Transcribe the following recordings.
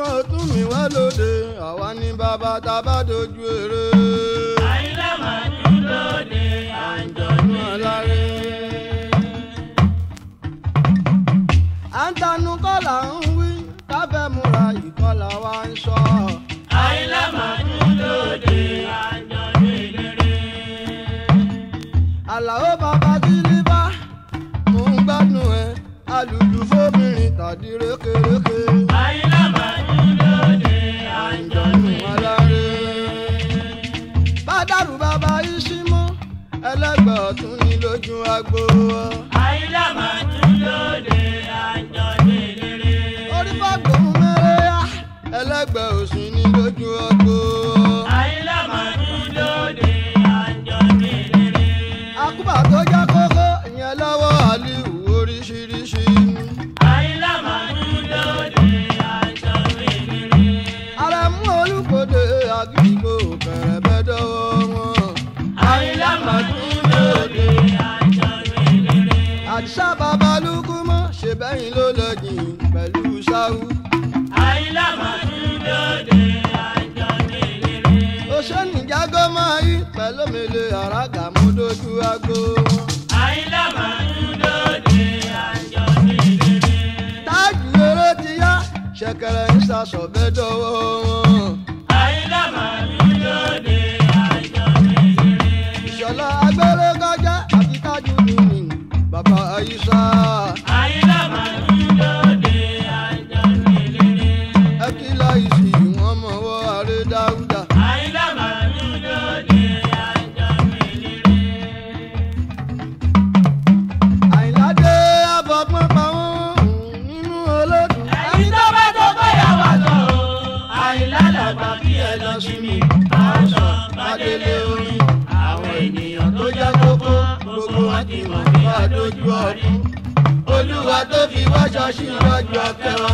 kọ́ ọdún mi wá lóde àwa ní bàbá tá a bá dojú eré. àyìnlá màá dún lóde àjọ̀dún ọ̀làrẹ́. à ń tanú kọ́là ń wí káfẹ́ múra ìkọlà wa ń sọ. àyìnlá màá dún lóde àjọ̀dún ìlérè. àlàó bàbá sílíbà mò ń gbádùn ẹ alùlù fóbìnrin tàdí rékèrékè. sun agbo. àyílá máa tún lóde àjọyọ̀ eléré. orí bá gbòm mẹ́rẹ́ yá ẹlẹ́gbẹ́ òsùn ní lójú ọgbó. àyílá máa tún lóde àjọyọ̀ eléré. akúbà tó já kókó ìyẹn lọ́wọ́ àlíwò oríṣiríṣi. àyílá máa tún lóde àjọyọ̀ eléré. ààrẹ mú olùkọ́dé àgbègbè òkèrè bẹ́ẹ̀ dọ́wọ́ wọn. àyílá máa tún àṣà babalúkú mọ́ ṣe bẹ́yìn ló lọ jìn pẹ̀lú ṣáwú. àyílá màdí lóde àjọ mélèrè. ó ṣe nìjágọ́ máa yí pẹ̀lú mélè àràgà mú dojú ago. àyílá màdí lóde àjọ mélèrè. táàjù eré ti yá ṣẹ̀kẹ̀rẹ̀ ń sasọ̀ bẹ́ẹ̀ wọn. àyílá màdí lóde. Baba Aisha. ṣìyàn wájú ọkẹ wa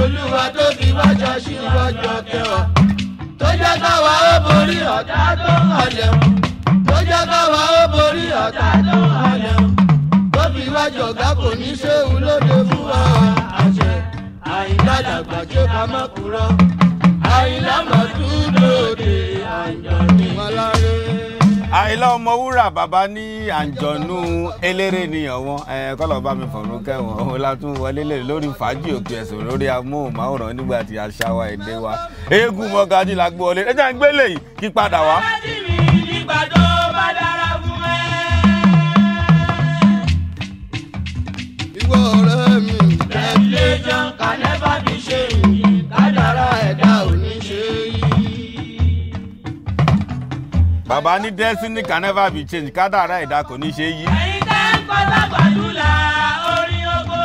olúwa tó fi wájà ṣìyàn wájú ọkẹ wa tó jẹ́ káwa ó borí ọ̀tá tó ń halẹ̀ mu tó jẹ́ káwa ó borí ọ̀tá tó ń halẹ̀ mu tó fi wájú ọ̀gá kò ní ṣéwu lóde fún wa àṣẹ àyìnlá dàgbà jẹ́ ká má kúrò àyìnlá àyìnlá ọmọwúrà bàbá ní àǹjọ̀nú eléré nìyàn wọn kọ́lọ̀ bá mi fọ̀rọ̀ kẹwọn òun látún wọlé lè lórí fàájì òkè ẹ̀sùn lórí amóhùnmáwòrán nígbà tí àṣà wa èdè wa eégún mọ́gájí la gbọ́ ọlé ẹ̀jẹ̀ ń gbélé yìí kí padà wá. ìwọ ọ̀rẹ́ mi. ẹ̀ lè jọ kálí. bàbá ní destiny can never be changed kádàrá ẹ̀dá kò ní ṣe yí. ẹ̀yin tẹ́ ń kọ́ lágbàdúrà orin ogo.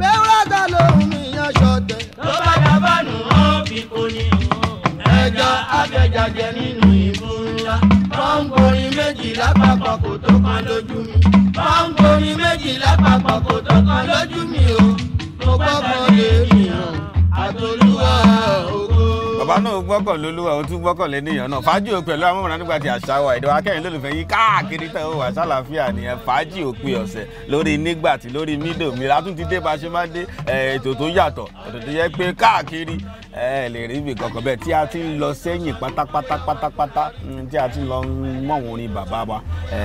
bẹ́wúrọ́dà lòun mi yan ṣọ̀tẹ̀. tó bá dábàánù ó fi kò ní. ẹja afẹjajẹ nínú ìbú ńlá. pọ́ńpọ́rin méjì lápapọ̀ kò tó kan lójú mi. pọ́ńpọ́rin méjì lápapọ̀ kò tó kan lójú mi o. mo gbọ́ kan lè rìn hàn àtolúwa o bàbá náà gbọ́kàn lólúwa ó tún gbọ́kàn lẹ́nìyàn náà fàájì ò pẹ̀lú amóhùnmáwòrán nígbà tí àṣà wa ìdọ̀wà kẹrin lólùfẹ́ yín káàkiri tẹ̀ ó wà sálàáfíà nìyẹn fàájì òpin ọ̀sẹ̀ lórí nígbàtí lórí mídòmí látún ti dé bá ṣe máa dé ètò tó yàtọ̀ ètò tó yẹ pé káàkiri ẹ lè rí ibì kankan bẹ́ẹ̀ tí a ti ń lọ sẹ́yìn pátápátá pátápátá mm, tí a ti ń lọ mọ̀wọ́n orin bàbá wa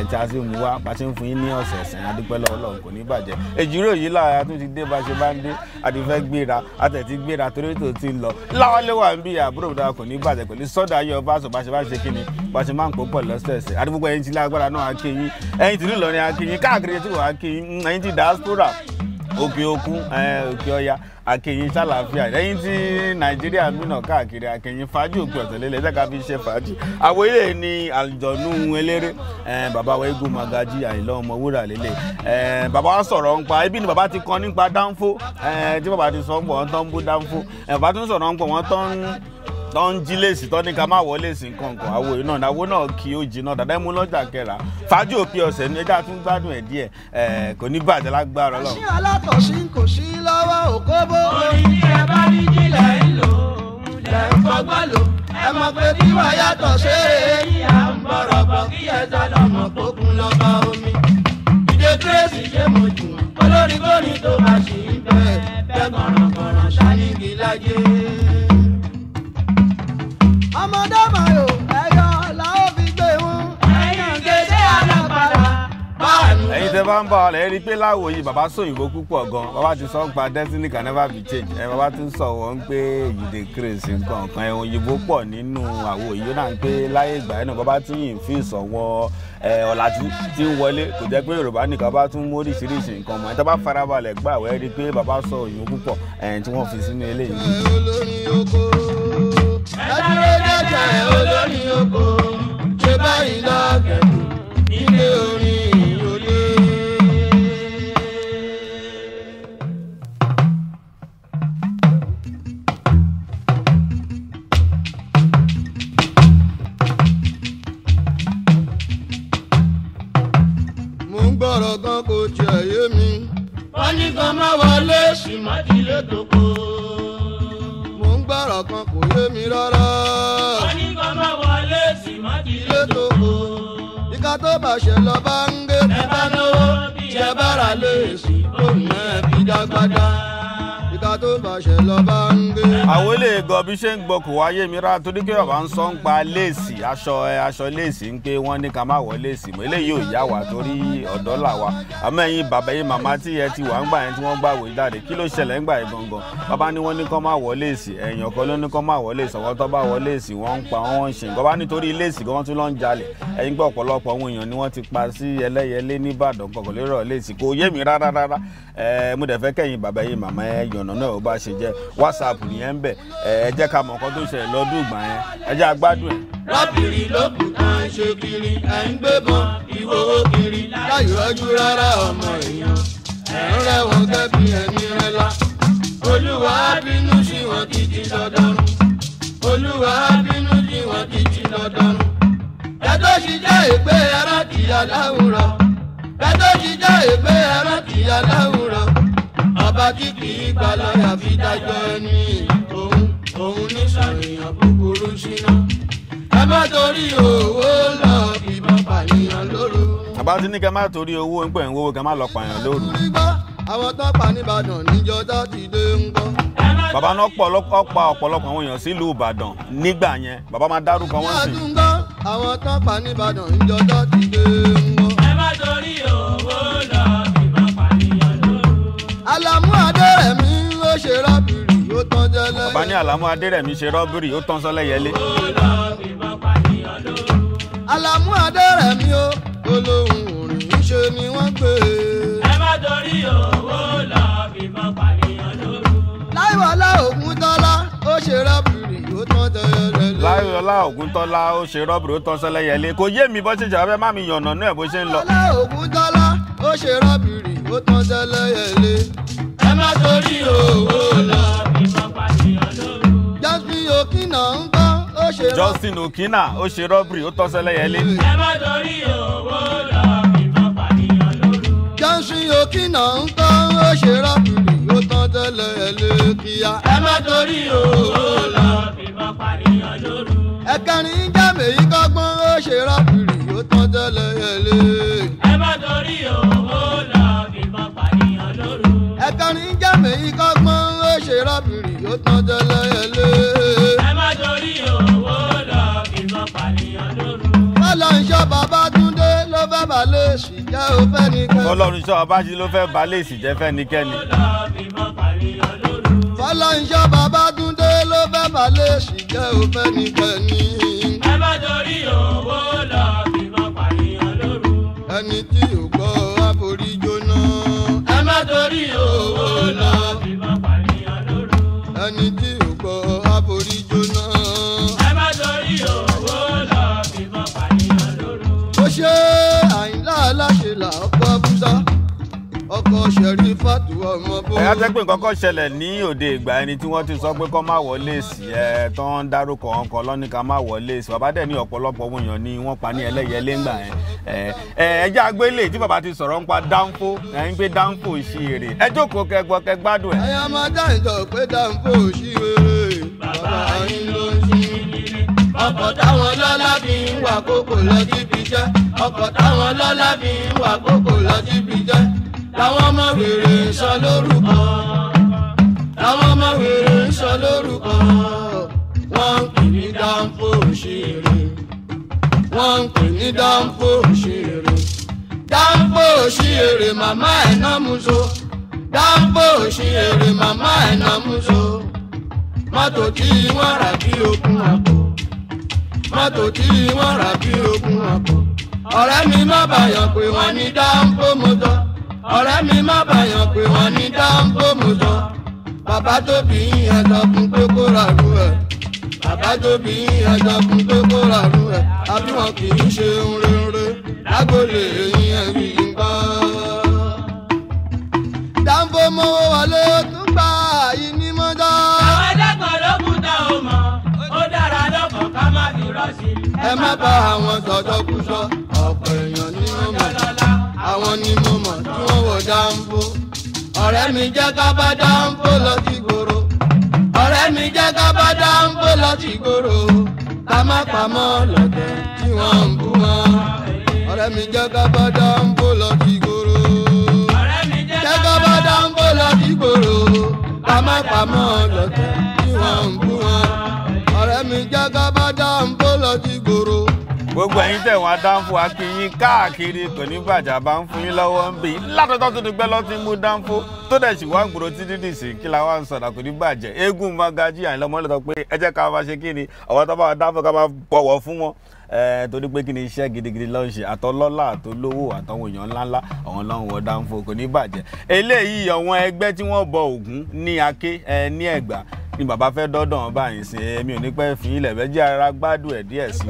tí a ti ń mú wa bá ti ń fún yín ní ọ̀sẹ̀ ẹ̀sìn adúpẹ́ lọ́wọ́lọ́wọ́ kò ní bàjẹ́ èjìrò yìí láwọn a tún ti dé bá ṣe bá ń dé àdìfẹ́ gbéra àtẹ̀tí gbéra torí tó ti lọ láwọlé wà ń bí àbúrò dáa kò ní bàjẹ́ pẹ̀lú sọ́dà ayọ̀ bá sọ bá ṣe bá ṣe ni bá ṣe máa ń pòpọ̀ òkè òkun òkè ọya àkèyìn sàlàáfíà lẹ́yìn tí nàìjíríà mìnà káàkiri àkèyìn fàájì òkè ọ̀tẹ̀lélẹ̀ ẹ̀jẹ̀ ká fi ṣe fàájì àwọn ilé ní àlùjọ̀nù eléré bàbá wa eégún magají àìlọ́ ọmọwúrà lélẹ̀ bàbá wa sọ̀rọ̀ nípa ibi ni bàbá ti kọ́ nípa dánfó tí bàbá ti sọ ń pọ̀ wọ́n tán ń bú dánfó bàbá tún sọ̀rọ̀ ń wọ́n tán tó ń jí lèsì tó ní ká má wọ lèsì kankan àwo yìí náà àwo náà kì í ó jiná dàdá ẹ̀ mú lọ́jà kẹra fàájì òpin ọ̀sẹ̀ ni ẹja tún gbádùn ẹ̀ díẹ̀ ẹ̀ kò ní bàjẹ́ lágbára Ọlọ́run. àṣì alákọ̀ọ́sí kò sí lọ́wọ́ òkóbó. orí ni ẹ bá ní jílẹ̀ ń lò lẹ̀ ń fọgbọ́n lò ẹ mọ̀ pé bí wọ́n yàtọ̀ ṣe é yíyá ń bọ̀rọ̀ bọ̀ kí ẹ sọ̀rọ̀ mọ̀ kókun lọ́ba omi. ìdè kírésì ṣe mo jù olórí kórìí tó bá ṣì ń bẹ́ẹ̀ bẹ́ẹ̀ kọ̀rọ̀kọ̀rọ̀ ṣánígi lájẹ́. bá ń bọ̀ ọ̀rẹ́ rí pé láwòye bàbá sòyìnbó púpọ̀ gan bàbá ti sọ pa destiny can never be changed ẹ bàbá tún sọ wọn pé you dey craze nǹkan kan òyìnbó pọ̀ nínú àwòye yóò náà pé láyé ìgbà yẹn náà bàbá tún yìn fi ìsọ̀wọ́ ọ̀làjú tí ń wọlé kò jẹ́ pé yorùbá nìkan bá tún móríṣiríṣi nǹkan mọ̀ ẹ̀ tó bá farabalẹ̀ gbà wẹ́ rí pé bàbá sọ òyìnbó púpọ̀ ẹ̀ tí wọ́n fi sínú eléyìí. ẹ dúró dájà ẹ mọ́tì lódò o. ìka tó bàṣẹ lọ bá ń gé. ẹ bá náwó bí ẹ bá rà lóye sí òun náà fi dágbádá tó bàṣẹ lọ bá ń gbé. àwọn ilé ìgàn bí ṣe ń gbọ́ kò wáyé mi rárá torí pé ọba ń sọ ń pa léèsì aṣọ aṣọ léèsì ń pé wọ́n ní ká má wọ̀ léèsì mọ́ eléyìí ò yá wa torí ọ̀dọ́ là wa àmọ́ ẹ̀yin bàbá yín màmá tí ẹ ti wà ń gbà yẹn tí wọ́n gbà wò jáde kí ló ṣẹlẹ̀ ń gbà yẹn gangan bàbá ní wọ́n ní kán má wọ̀ léèsì ẹ̀yàn kan ló ní kán má wọ̀ léèsì àwọn tó bá wọ̀ léèsì wọ́n ń pa wọ́n ń ṣe nǹkan bá nítorí léèsì gan tún lọ ń jalè ẹ̀yin gbọ́ ọ̀pọ̀lọpọ̀ àwọn èèyàn ni wọ́n ti pa sí ẹlẹ́yẹlé ní Ìbàdàn léèsì kò yé mi rárá rárá mo dẹ̀ fẹ́ kẹ́yìn bàbá yín màmá ẹ̀ yànnà náà náà ó bá ṣe jẹ́ whatsapp nìyẹn ń bẹ̀ ẹ jẹ́ ká mọ̀ nǹkan tó ṣẹlẹ̀ lọ́dún ìgbà yẹn ẹ jẹ́ agbádùn ẹ̀. rábìrì lókùn à ń ṣe kiri ẹ̀ ń gbébọn ìwòwò kiri láì rọ́jú rárá ọmọ èèyàn ẹ̀ ń rẹ̀wọ̀n kẹ́bi ẹ̀mí rẹ̀ la olúwa bínú sí wọn títí lọ́dọ́rùn olúwa bínú sí wọn títí lọ́dọ́rùn ẹ̀tọ́ sì jẹ́ ìpè ẹ̀rọ kìí aláwùrọ̀ ẹ̀tọ́ sì jẹ́ ìpè ẹ̀rọ kìí aláwùrọ̀ bàbá tí kì í gbà lọ́yà fi dájọ́ ẹni òun òun ní sàníyàn búburú síná ẹ má torí owó lọ fìbọn pànìyàn lóru. bàbá tí ní kẹ́ má torí owó ń pè ń wówó kẹ́ má lọ pànìyàn lóru. àwọn tó pa nìbàdàn níjọ tó ti dé ń gbọ́ bàbá náà pọ̀ ọ̀pá ọ̀pọ̀lọpọ̀ àwọn èèyàn sílùú ìbàdàn nígbà yẹn bàbá máa dárúkọ wọn sí. ìyá àdúgbò àwọn tó pa nìbàdàn níjọ tó ti dé ń gbọ́. ẹ má torí o. ṣe rọ́bìrì ó tán jẹ́lẹ́. bàbá ní àlámú adérẹ̀mí ṣe rọ́bìrì ó tán sọ́lẹ̀ yẹlé. àlámú adérẹ̀mí ó olóhùn òrìn ṣe ni wọ́n pè é. ẹ má torí owó lọ fìbọn pànìyàn lóru. láìwọlá ògúntọ́lá ó ṣe rọ́bìrì ó tán jẹ́lẹ́. láìwọlá ògúntọ́lá ó ṣe rọ́bìrì ó tán sọ́lẹ̀ yẹlé kò yé mi bó ṣe jàbẹ́ má mi yànnà náà bó ṣe ń lọ. láìwọlá ògúntọ́lá ó ṣe rọ́bìrì ó tán sọ́lẹ̀ yẹlé. Justin Okina ń gbọ́ ó ṣe rọ́bìrì. ó tọ́sẹ̀ lẹ́yẹlé. ẹ má torí owó lọ bí wọ́n pàṣẹ Justin Okina ń gbọ́ ó ṣe rọ́bìrì ó tọ́sẹ̀ lẹ́yẹlé kíá. ẹ má torí owó lọ bí wọ́n pàṣẹ ẹ̀kẹrin jẹ́ mèyí kọ́gbọ́n ó ṣe rọ́bìrì ó tọ́sẹ̀ lẹ́yẹlé. ẹ má torí owó lọ ẹ̀kọrin jẹ́mi ìkọ́gbọ́n ó ṣe rọ́bìrì ó tán jẹ́ lẹ́yẹlé. ẹ má torí owó lọ fìbọn pànìyàn lóru. ọlọ́run ṣọ́ bàbá túndé ló fẹ́ balẹ̀ èsì jẹ́ ó fẹ́ nìkẹ́ni. ọlọ́run ṣọ́ bàbá jí ló fẹ́ balẹ̀ èsì jẹ́ fẹ́ nìkẹ́ni. ọlọ́run ṣọ́ bàbá ló fẹ́ balẹ̀ èsì jẹ́ ó fẹ́ nìkẹ́ni. ẹ má torí owó lọ fìbọn pànìyàn lóru. ẹni tí ò gbọ́ àforíjóná. ẹ má torí ẹni tí ò gbọ́ àforí jóná. ẹ má torí owó lọ bímọ pànìyàn lóru. ó ṣe àyìnlá aláṣẹ là ọkọ abúlá ọkọ ṣẹ̀rí ẹ̀yà tẹ́ pé nǹkan kan ṣẹlẹ̀ ní òde ìgbà ẹni tí wọ́n ti sọ pé kọ́ má wọlé sí ẹ tó ń dárúkọ ọkọ̀ lọ́nìkan má wọlé sí bàbá dẹ̀ ní ọ̀pọ̀lọpọ̀ ohun ni wọ́n pa ní ẹlẹ́yẹlé ńgbà yẹn ẹ ẹjẹ́ agbélé tí bàbá ti sọ̀rọ̀ ń pa dánfó ẹ ń gbé dánfó ìṣirè ẹ jókòó kẹgbọ́ kẹgbádùn ẹ. ẹyà máa dá ìjọ pé dánfó ìṣirè bàbá yín ló ń ṣe làwọn ọmọ wèrè ń sọ lórúkọ làwọn ọmọ wèrè ń sọ lórúkọ wọ́n ń pè ní dáńpó òṣèré wọ́n ń pè ní dáńpó òṣèré dáńpó òṣèré màmá ẹ̀ náà mú so dáńpó òṣèré màmá ẹ̀ náà mú so mọ́tò tí wọ́n rà bí ogun àpò mọ́tò tí wọ́n rà bí ogun àpò ọ̀rẹ́ mi má bàyàn pé wọ́n ní dáńpó mọ́tò ọ̀rẹ́ mi má bàyàn pé wọ́n ní dáńbòmù lọ. bàbá tóbi yíyan lọ fún pé kó ràrú ẹ̀. bàbá tóbi yíyan lọ fún pé kó ràrú ẹ̀. àbí wọn kì í ṣe nrere lágòlè yíyan bí nǹkan. dáńbòmù wọlé tó gbà yìí ní mọ́tò. àwọn ẹlẹ́gbọ̀n ló kú tá o mọ̀ ó dára lọ́kọ̀ọ́ ká má fi rọ́ọ̀sì. ẹ má bá àwọn sọ̀tọ̀ kú sọ àwọn ni mo mọ̀ tí wọ́n wò dáńbó. ọ̀rẹ́ mi jẹ́ ká bá dáńbó lọ sí gbòòrò. ọ̀rẹ́ mi jẹ́ ká bá dáńbó lọ sí gbòòrò. ká má pamọ́ lọ́tẹ̀ tí wọ́n ń bú wọn. ọ̀rẹ́ mi jẹ́ ká bá dáńbó lọ sí gbòòrò. ọ̀rẹ́ mi jẹ́ ká bá dáńbó lọ sí gbòòrò. ká má pamọ́ lọ́tẹ̀ tí wọ́n ń bú wọn. ọ̀rẹ́ mi jẹ́ ká bá dáńbó lọ sí gbòòrò gbogbo ẹ̀yin tẹ̀ wọ́n dánfò akínyín káàkiri kò ní bàjá bá ń fún yín lọ́wọ́ ń bì í látọ̀tọ̀ tó ti gbẹ́ lọ́tí mú dánfò tó dẹ̀ sì wá gbòòrò títí dì sí kí la wá ń sọ̀rọ̀ kò ní bàjẹ́ eégún magají àyìnlá ọmọ lọ́tọ̀ pé ẹ jẹ́ ká máa ṣe kí ni àwọn tó bá wà dánfò ká máa bọ̀wọ̀ fún wọn torí pé kí ni iṣẹ́ gidigidi ló ń ṣe àtọlọ́lá àtolówó àtọwọn èèyàn ńláńlá àwọn ló wọ dánfò kò ní bàjẹ́ eléyìí àwọn ẹgbẹ́ tí wọ́n bọ Ògún ní Aké ní Ẹ̀gbá ni bàbá fẹ́ dọ́dàn báyìí sí èmi ò ní pẹ́ fi ilẹ̀ bẹ́jẹ́ ara gbádùn ẹ̀ díẹ̀ sí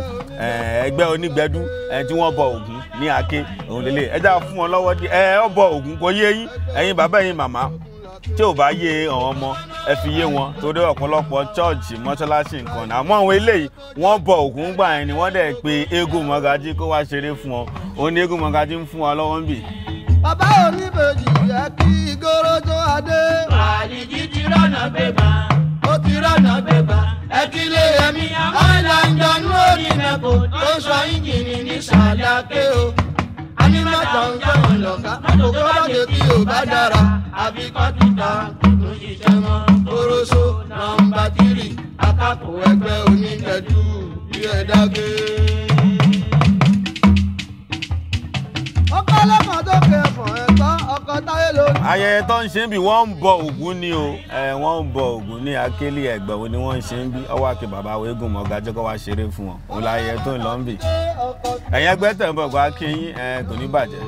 ẹgbẹ́ onígbẹ́dú tí wọ́n bọ Ògún ní Aké òun lélẹ̀ ẹ já fún wọn lọ́wọ́ díẹ̀ ẹ ọ bọ Ògún kò yé yín ẹ̀yin bàbá ẹ̀yin màmá tí ò bá yé àwọn ọmọ ẹ fi yé wọn torí ọ̀pọ̀lọpọ̀ chọ́ọ̀chì mọ́ṣáláṣí nǹkan náà àmọ́ àwọn eléyìí wọ́n bọ Ògún gbà yẹn ni wọ́n dẹ̀ pe eégún mọ́gájí kó wá ṣeré fún ọ òun ni eégún mọ́gájí ń fún wa lọ́wọ́ ń bì. bàbá òní bèjì jẹ́ kí igorojo adé. wàá jíjí rọ́nà gbé rọ̀nà gbégbá ẹ̀kílẹ̀ yẹmi ọ̀làǹdọ̀nù orí mẹ́kò tó ń sọ ìjìnì ní sàdáké o. a ní mọ́tò ń jẹ́ wọn lọ́ka tó bá jẹ kí o bá dára àbí kọ́kítà tó ṣiṣẹ́ mọ́ kóróso nọ́mbà tírì akápò ẹgbẹ́ onídẹ̀ẹ́dù bí ẹ dágbé. ọkọ ọlọ́kàn tó kẹ fún ẹ̀tọ́ ọkọ táyé lónìí. ayẹyẹ tó ń ṣe bí wọ́n ń bọ Ògún ni o wọ́n ń bọ Ògún ní Akélé Ẹ̀gbẹ́ ni wọ́n ń ṣe ń bí ọwọ́ àkè bàbá wo eégún mọ̀ọ́gá jẹ́kọ́ wá ṣeré fún wọn òun la ayẹyẹ tó ń lọ ń bì. ẹ̀yin ẹgbẹ́ tẹ̀ ń bọ̀ gbọ́ akéyín kò ní bàjẹ́.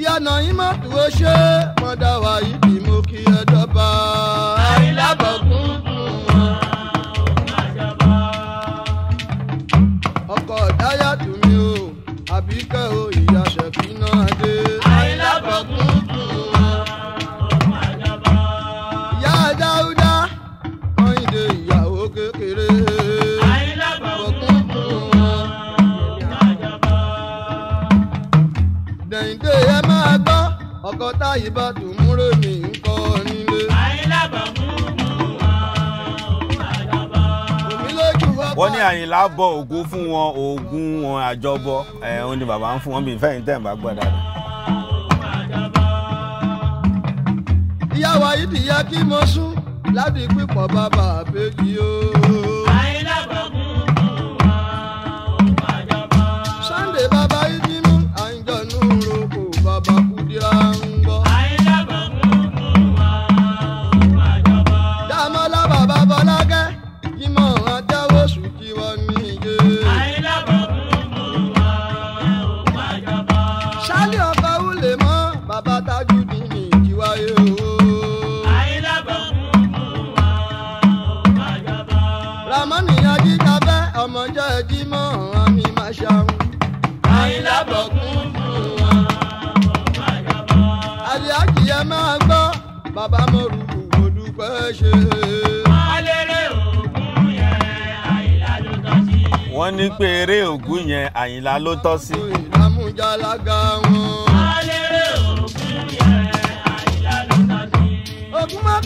ìyànà yín má dúró ṣe mọ̀dà wà yìí bí mo kí ẹ dọ́ba. àìlábọ̀kún fún wọn. àríkẹ́ o ìyá ṣẹ̀kí náà dé. àyìnlá bọ̀kún dùn wọn ọmọ àjàbá. ìyá dáúdá ọ̀yìndé ìyàwó kékeré. àyìnlá bọ̀kún ọkọ táyì bá dùn. wọ́n ní àyìnlá bọ ògùn fún wọn ògùn wọn àjọbọ ẹ̀ òun ni bàbá ń fún wọn bí fẹ́yìn tẹ̀ ń bá gbọ́ ìyá wa yìí dìyà kí mo sún ládìí pípọ̀ bàbá àbẹ́jì yóò. ẹ máa gbọ́ bàbá mo rù dúpẹ́ ṣe. alẹ́rẹ́ ògùn yẹn àyìnlá ló tọ́ sí. wọ́n ní pé eré ògùn yẹn àyìnlá ló tọ́ sí. ìlàmújàlága wọn. alẹ́rẹ́ ògùn yẹn àyìnlá ló tọ́ sí. ògùn má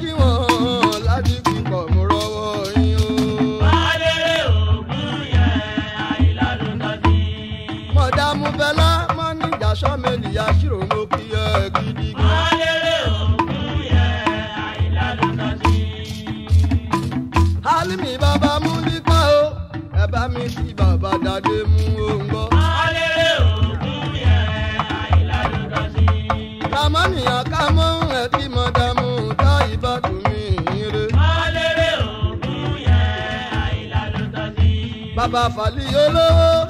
kí wọ́n ládìgbò. bàbá fàlì olówó.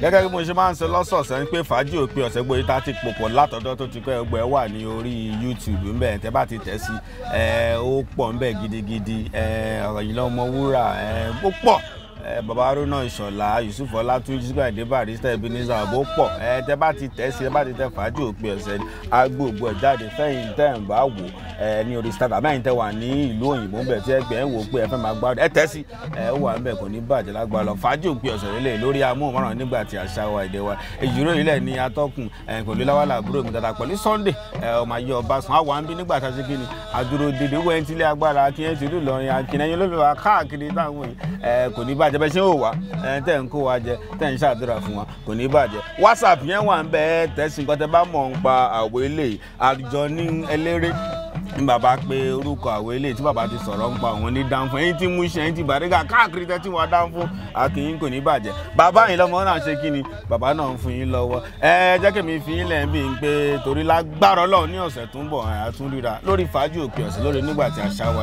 gẹ́gẹ́ bí mo ṣe máa ń sọ lọ́sọ̀ọ̀sẹ̀ ń pé fàájì òpin ọ̀sẹ̀ gbòye tá a ti pòpọ̀ látọ̀dọ̀ tó ti pẹ́ ẹgbẹ́ wà ní orí YouTube ńbẹ̀ tẹ́ bá ti tẹ̀ sí ó pọ̀ ńbẹ̀ gidigidi ọ̀rọ̀ yìí lọ́mọ wúrà ó pọ̀ bàbá arúnà ìṣọ̀lá yusuf ọlátúnjì sígbàdé barrister ebenezer àbó pọ̀ ẹ tẹ bá ti tẹ̀ sí ẹ bá ti tẹ̀ fàájì òpin ọ̀sẹ̀ ni agbègbè ọ̀jáde fẹ́yìn tẹ̀ ń bá wò ẹ ní orí star àbẹ́yìn tẹ̀ wà ní ìlú òyìnbó ń bẹ̀ tí ẹgbẹ́ ń wò pé ẹ fẹ́ máa gbádùn ẹ tẹ̀ sí ẹ wà ń bẹ̀ kò ní bàjẹ́ lágbára fàájì òpin ọ̀sẹ̀ wa èdè wa ìjírò ilẹ̀ ní atọ́kùn pẹ̀lú láwàlà àbúrò mi dada pẹ̀lú sunday ọmọ ayé ọbaṣan àwọn àǹbí nígbà tá a ṣe kí ni àdúró dèdè wẹ́ntílẹ̀ agbára akínyẹ̀tì ìlú ìlọrin akínyẹ̀yìn olóbìnrin wa káàkiri táwọn yìí kò ní bàjẹ́ bàjẹ́ bẹ́ẹ̀ ṣe ń wò wá ẹni tẹ́ ń kó wa jẹ tẹ́ ń ṣàdúrà fún wa kò ní bàjẹ́ whatsapp yẹn wà ń bẹ́ẹ̀ tẹ̀sí nǹkan tẹ́ bá mọ̀ ń pa àwọ̀ eléyìí àjọ ní eléré ní bàbá pé orúkọ àwọn eléyìí tí bàbá ti sọ̀rọ̀ ń pa òun ní dánfún ẹ̀yin tí mú iṣẹ́ ẹ̀yin tí bàdégà káàkiri tẹ́tí wọn dánfún àkìyìn kò ní bàjẹ́ bàbá yìí lọ́mọ náà ṣe kí ni bàbá náà ń fún yín lọ́wọ́ ẹ jẹ́ kí mi fi yín lẹ́yìn bí n pé torí lágbára Ọlọ́run ní ọ̀sẹ̀ tó ń bọ̀ àyà tún ríra lórí fàájì òpin ọ̀sẹ̀ lórí nígbà tí àṣà wa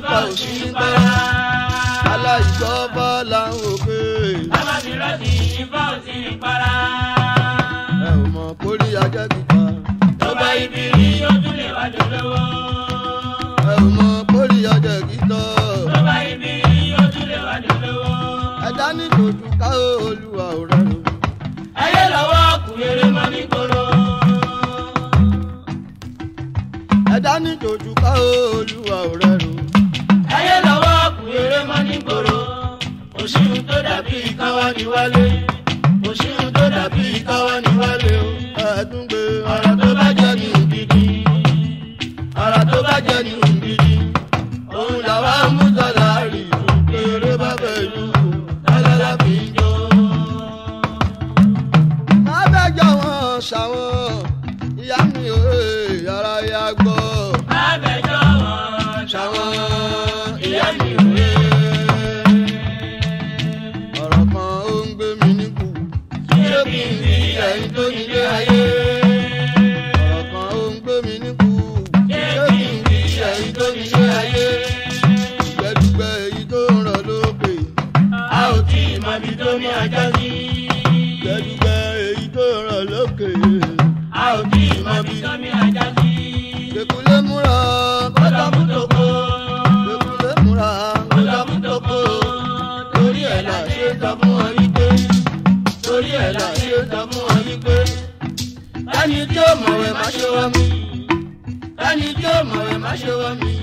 ìbá òsì bá. aláìsọ́bọ̀ làwọn òkè. alábìrọ̀ ti ìbá òsì para. ẹ ò mọ̀ kórí ajẹ́ gbígbà. tó bá ibi rí yóò lè wá jọ lọ́wọ́. ẹ ò ní kò ká olúwa ò rọrùn. ayé lọ́wọ́ kùrẹ́rẹ́ ní koro. ká olúwa ò rọrùn ayé lọ́wọ́ kù eré mọ́ nígboro òṣìṣẹ́ tó dàbí káwá ni wálé òṣìṣẹ́ tó dàbí. mọ̀wé má ṣọwọ́ mi. Tani tí mi.